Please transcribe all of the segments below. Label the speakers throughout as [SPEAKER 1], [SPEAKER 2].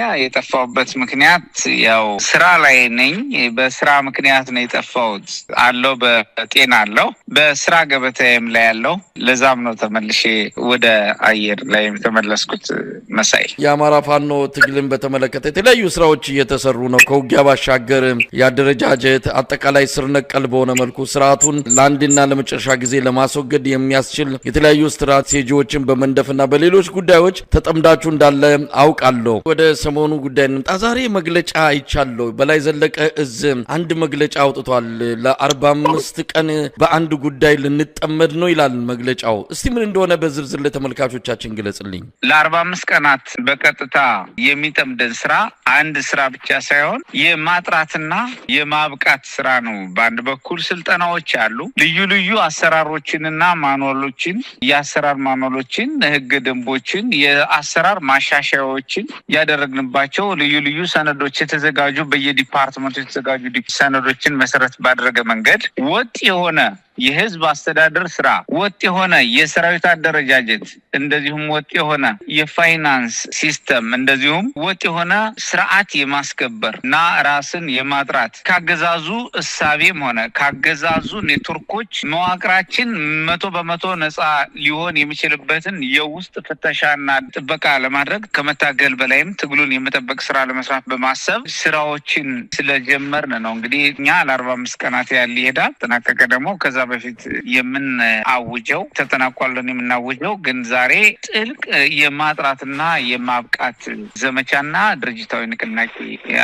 [SPEAKER 1] ያ የጠፋሁበት ምክንያት ያው ስራ ላይ ነኝ። በስራ ምክንያት ነው የጠፋሁት አለው በጤና አለው በስራ ገበታዬም ላይ ያለው ለዛም ነው ተመልሼ ወደ አየር ላይ የተመለስኩት። መሳይ
[SPEAKER 2] የአማራ ፋኖ ትግልን በተመለከተ የተለያዩ ስራዎች እየተሰሩ ነው። ከውጊያ ባሻገር የአደረጃጀት አጠቃላይ ስር ነቀል በሆነ መልኩ ስርዓቱን ለአንድና ለመጨረሻ ጊዜ ለማስወገድ የሚያስችል የተለያዩ ስትራቴጂዎችን በመንደፍና በሌሎች ጉዳዮች ተጠምዳችሁ እንዳለ አውቃለሁ። ወደ ሰሞኑ ጉዳይ እንምጣ። ዛሬ መግለጫ አይቻለሁ። በላይ ዘለቀ እዝ አንድ መግለጫ አውጥቷል። ለአርባ አምስት ቀን በአንድ ጉዳይ ልንጠመድ ነው ይላል መግለጫው። እስቲ ምን እንደሆነ በዝርዝር ለተመልካቾቻችን ግለጽልኝ።
[SPEAKER 1] ለአርባ አምስት ቀናት በቀጥታ የሚጠምደን ስራ አንድ ስራ ብቻ ሳይሆን የማጥራትና የማብቃት ስራ ነው። በአንድ በኩል ስልጠናዎች አሉ። ልዩ ልዩ አሰራሮችንና ማኖሎችን የአሰራር ማኖሎችን፣ ህገ ደንቦችን፣ የአሰራር ማሻሻያዎችን ያደረግ ያደረግንባቸው ልዩ ልዩ ሰነዶች የተዘጋጁ በየዲፓርትመንቱ የተዘጋጁ ሰነዶችን መሰረት ባደረገ መንገድ ወጥ የሆነ የህዝብ አስተዳደር ስራ፣ ወጥ የሆነ የሰራዊት አደረጃጀት፣ እንደዚሁም ወጥ የሆነ የፋይናንስ ሲስተም፣ እንደዚሁም ወጥ የሆነ ስርዓት የማስከበር እና ራስን የማጥራት ካገዛዙ እሳቤም ሆነ ካገዛዙ ኔትወርኮች መዋቅራችን መቶ በመቶ ነፃ ሊሆን የሚችልበትን የውስጥ ፍተሻና ጥበቃ ለማድረግ ከመታገል በላይም ትግሉ ባህሉን የመጠበቅ ስራ ለመስራት በማሰብ ስራዎችን ስለጀመርን ነው። እንግዲህ እኛ ለአርባ አምስት ቀናት ያህል ይሄዳል። ተጠናቀቀ ደግሞ ከዛ በፊት የምናውጀው ተጠናቋለን የምናውጀው ግን ዛሬ ጥልቅ የማጥራትና የማብቃት ዘመቻና ድርጅታዊ ንቅናቄ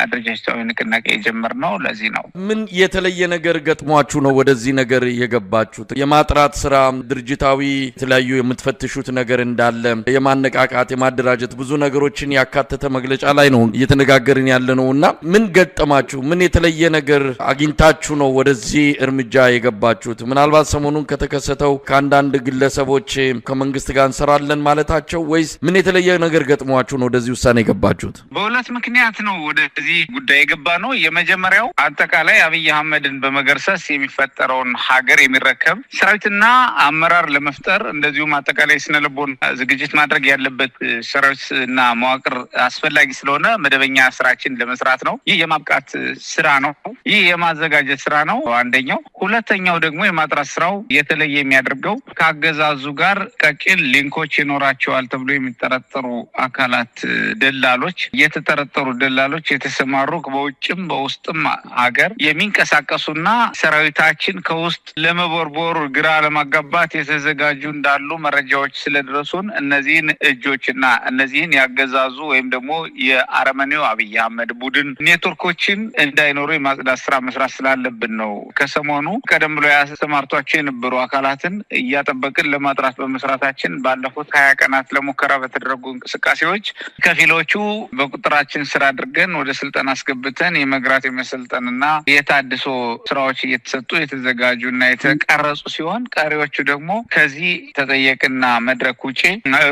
[SPEAKER 1] አደረጃጀታዊ ንቅናቄ የጀመርነው ለዚህ ነው።
[SPEAKER 2] ምን የተለየ ነገር ገጥሟችሁ ነው ወደዚህ ነገር የገባችሁት? የማጥራት ስራ ድርጅታዊ የተለያዩ የምትፈትሹት ነገር እንዳለ የማነቃቃት የማደራጀት ብዙ ነገሮችን ያካተተ መግለ መግለጫ ላይ ነው እየተነጋገርን ያለ ነው እና ምን ገጠማችሁ? ምን የተለየ ነገር አግኝታችሁ ነው ወደዚህ እርምጃ የገባችሁት? ምናልባት ሰሞኑን ከተከሰተው ከአንዳንድ ግለሰቦች ከመንግስት ጋር እንሰራለን ማለታቸው ወይስ ምን የተለየ ነገር ገጥሟችሁ ነው ወደዚህ ውሳኔ የገባችሁት?
[SPEAKER 1] በሁለት ምክንያት ነው ወደዚህ ጉዳይ የገባ ነው። የመጀመሪያው አጠቃላይ አብይ አህመድን በመገርሰስ የሚፈጠረውን ሀገር የሚረከብ ሰራዊትና አመራር ለመፍጠር እንደዚሁም አጠቃላይ ስነልቦን ዝግጅት ማድረግ ያለበት ሰራዊት እና መዋቅር አስፈላጊ አስፈላጊ ስለሆነ መደበኛ ስራችን ለመስራት ነው። ይህ የማብቃት ስራ ነው። ይህ የማዘጋጀት ስራ ነው አንደኛው። ሁለተኛው ደግሞ የማጥራት ስራው የተለየ የሚያደርገው ከአገዛዙ ጋር ቀጭን ሊንኮች ይኖራቸዋል ተብሎ የሚጠረጠሩ አካላት ደላሎች፣ የተጠረጠሩ ደላሎች የተሰማሩ በውጭም በውስጥም ሀገር የሚንቀሳቀሱና ሰራዊታችን ከውስጥ ለመቦርቦር ግራ ለማጋባት የተዘጋጁ እንዳሉ መረጃዎች ስለደረሱን እነዚህን እጆችና እነዚህን ያገዛዙ ወይም ደግሞ የአረመኔው አብይ አህመድ ቡድን ኔትወርኮችን እንዳይኖሩ የማጽዳት ስራ መስራት ስላለብን ነው። ከሰሞኑ ቀደም ብሎ ያሰማርቷቸው የነበሩ አካላትን እያጠበቅን ለማጥራት በመስራታችን ባለፉት ሀያ ቀናት ለሙከራ በተደረጉ እንቅስቃሴዎች ከፊሎቹ በቁጥራችን ስራ አድርገን ወደ ስልጠና አስገብተን የመግራት የመሰልጠንና የታድሶ ስራዎች እየተሰጡ የተዘጋጁ እና የተቀረጹ ሲሆን ቀሪዎቹ ደግሞ ከዚህ ተጠየቅና መድረክ ውጪ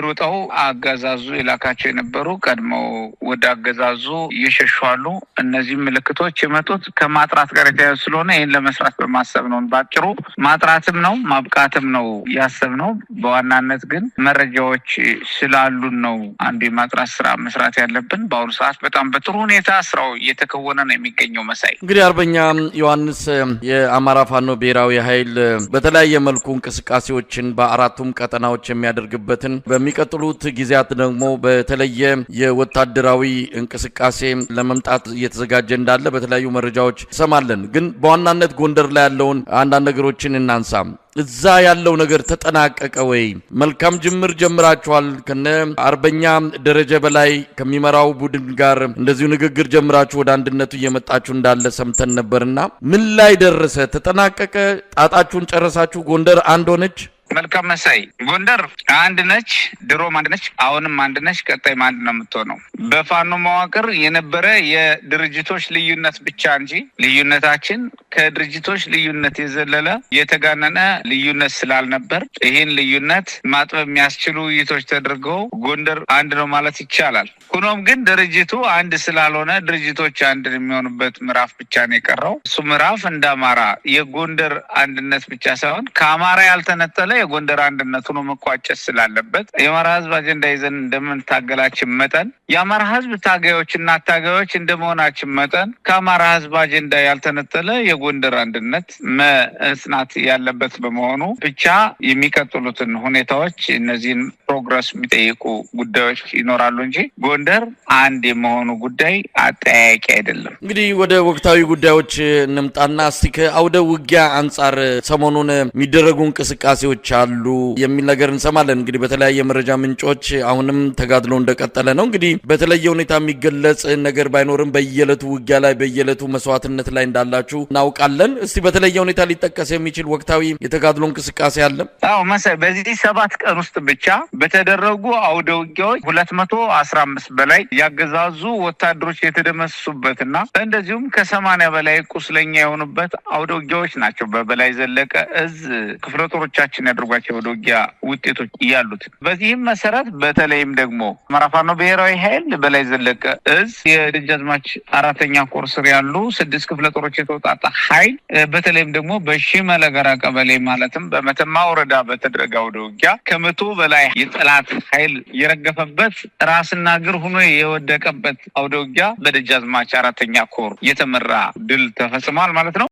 [SPEAKER 1] ሩጠው አገዛዙ የላካቸው የነበሩ ቀድመው ወደ አገዛዙ እየሸሹ እነዚህ ምልክቶች የመጡት ከማጥራት ጋር የተያዙ ስለሆነ ይህን ለመስራት በማሰብ ነው። ባጭሩ ማጥራትም ነው ማብቃትም ነው ያሰብ ነው። በዋናነት ግን መረጃዎች ስላሉን ነው አንዱ የማጥራት ስራ መስራት ያለብን። በአሁኑ ሰዓት በጣም በጥሩ ሁኔታ ስራው እየተከወነ ነው የሚገኘው። መሳይ
[SPEAKER 2] እንግዲህ አርበኛ ዮሐንስ የአማራ ፋኖ ብሔራዊ ኃይል በተለያየ መልኩ እንቅስቃሴዎችን በአራቱም ቀጠናዎች የሚያደርግበትን በሚቀጥሉት ጊዜያት ደግሞ በተለየ የወታደ ወታደራዊ እንቅስቃሴ ለመምጣት እየተዘጋጀ እንዳለ በተለያዩ መረጃዎች ሰማለን። ግን በዋናነት ጎንደር ላይ ያለውን አንዳንድ ነገሮችን እናንሳ። እዛ ያለው ነገር ተጠናቀቀ ወይ? መልካም ጅምር ጀምራችኋል። ከነ አርበኛ ደረጀ በላይ ከሚመራው ቡድን ጋር እንደዚሁ ንግግር ጀምራችሁ ወደ አንድነቱ እየመጣችሁ እንዳለ ሰምተን ነበርና ምን ላይ ደረሰ? ተጠናቀቀ? ጣጣችሁን ጨረሳችሁ? ጎንደር አንድ ሆነች?
[SPEAKER 1] መልካም መሳይ ጎንደር አንድ ነች፣ ድሮም አንድ ነች፣ አሁንም አንድ ነች፣ ቀጣይም አንድ ነው የምትሆነው። በፋኖ መዋቅር የነበረ የድርጅቶች ልዩነት ብቻ እንጂ ልዩነታችን ከድርጅቶች ልዩነት የዘለለ የተጋነነ ልዩነት ስላልነበር ይህን ልዩነት ማጥበብ የሚያስችሉ ውይይቶች ተደርገው ጎንደር አንድ ነው ማለት ይቻላል። ሆኖም ግን ድርጅቱ አንድ ስላልሆነ ድርጅቶች አንድ የሚሆኑበት ምዕራፍ ብቻ ነው የቀረው። እሱ ምዕራፍ እንደ አማራ የጎንደር አንድነት ብቻ ሳይሆን ከአማራ ያልተነጠለ የጎንደር አንድነት ሆኖ መቋጨት ስላለበት የአማራ ህዝብ አጀንዳ ይዘን እንደምንታገላችን መጠን የአማራ ህዝብ ታጋዮችና ታጋዮች እንደመሆናችን መጠን ከአማራ ህዝብ አጀንዳ ያልተነጠለ የጎንደር አንድነት መጽናት ያለበት በመሆኑ ብቻ የሚቀጥሉትን ሁኔታዎች እነዚህን ፕሮግረስ የሚጠይቁ ጉዳዮች ይኖራሉ እንጂ ጎንደር አንድ የመሆኑ ጉዳይ አጠያያቂ አይደለም።
[SPEAKER 2] እንግዲህ ወደ ወቅታዊ ጉዳዮች እንምጣና እስቲ ከአውደ ውጊያ አንጻር ሰሞኑን የሚደረጉ እንቅስቃሴዎች አሉ የሚል ነገር እንሰማለን። እንግዲህ በተለያየ መረጃ ምንጮች አሁንም ተጋድሎ እንደቀጠለ ነው። እንግዲህ በተለየ ሁኔታ የሚገለጽ ነገር ባይኖርም በየዕለቱ ውጊያ ላይ በየዕለቱ መስዋዕትነት ላይ እንዳላችሁ እናውቃለን። እስቲ በተለየ ሁኔታ ሊጠቀስ የሚችል ወቅታዊ የተጋድሎ እንቅስቃሴ አለ?
[SPEAKER 1] አዎ መሰ በዚህ ሰባት ቀን ውስጥ ብቻ በተደረጉ አውደ ውጊያዎች ሁለት መቶ አስራ አምስት በላይ ያገዛዙ ወታደሮች የተደመሰሱበትና እንደዚሁም ከሰማንያ በላይ ቁስለኛ የሆኑበት አውደ ውጊያዎች ናቸው በበላይ ዘለቀ እዝ ክፍለ ጦሮቻችን የሚያደርጓቸው ወደ ውጊያ ውጤቶች እያሉት በዚህም መሰረት በተለይም ደግሞ መራፋኖ ብሔራዊ ኃይል በላይ ዘለቀ እዝ የደጃዝማች አራተኛ ኮርስ ስር ያሉ ስድስት ክፍለ ጦሮች የተውጣጣ ኃይል በተለይም ደግሞ በሺመለ ቀበሌ ማለትም በመተማ ወረዳ በተደረገ ወደ ውጊያ ከመቶ በላይ የጠላት ኃይል የረገፈበት ራስና እግር ሆኖ የወደቀበት አውደ ውጊያ በደጃዝማች አራተኛ ኮር የተመራ ድል ተፈጽሟል ማለት ነው።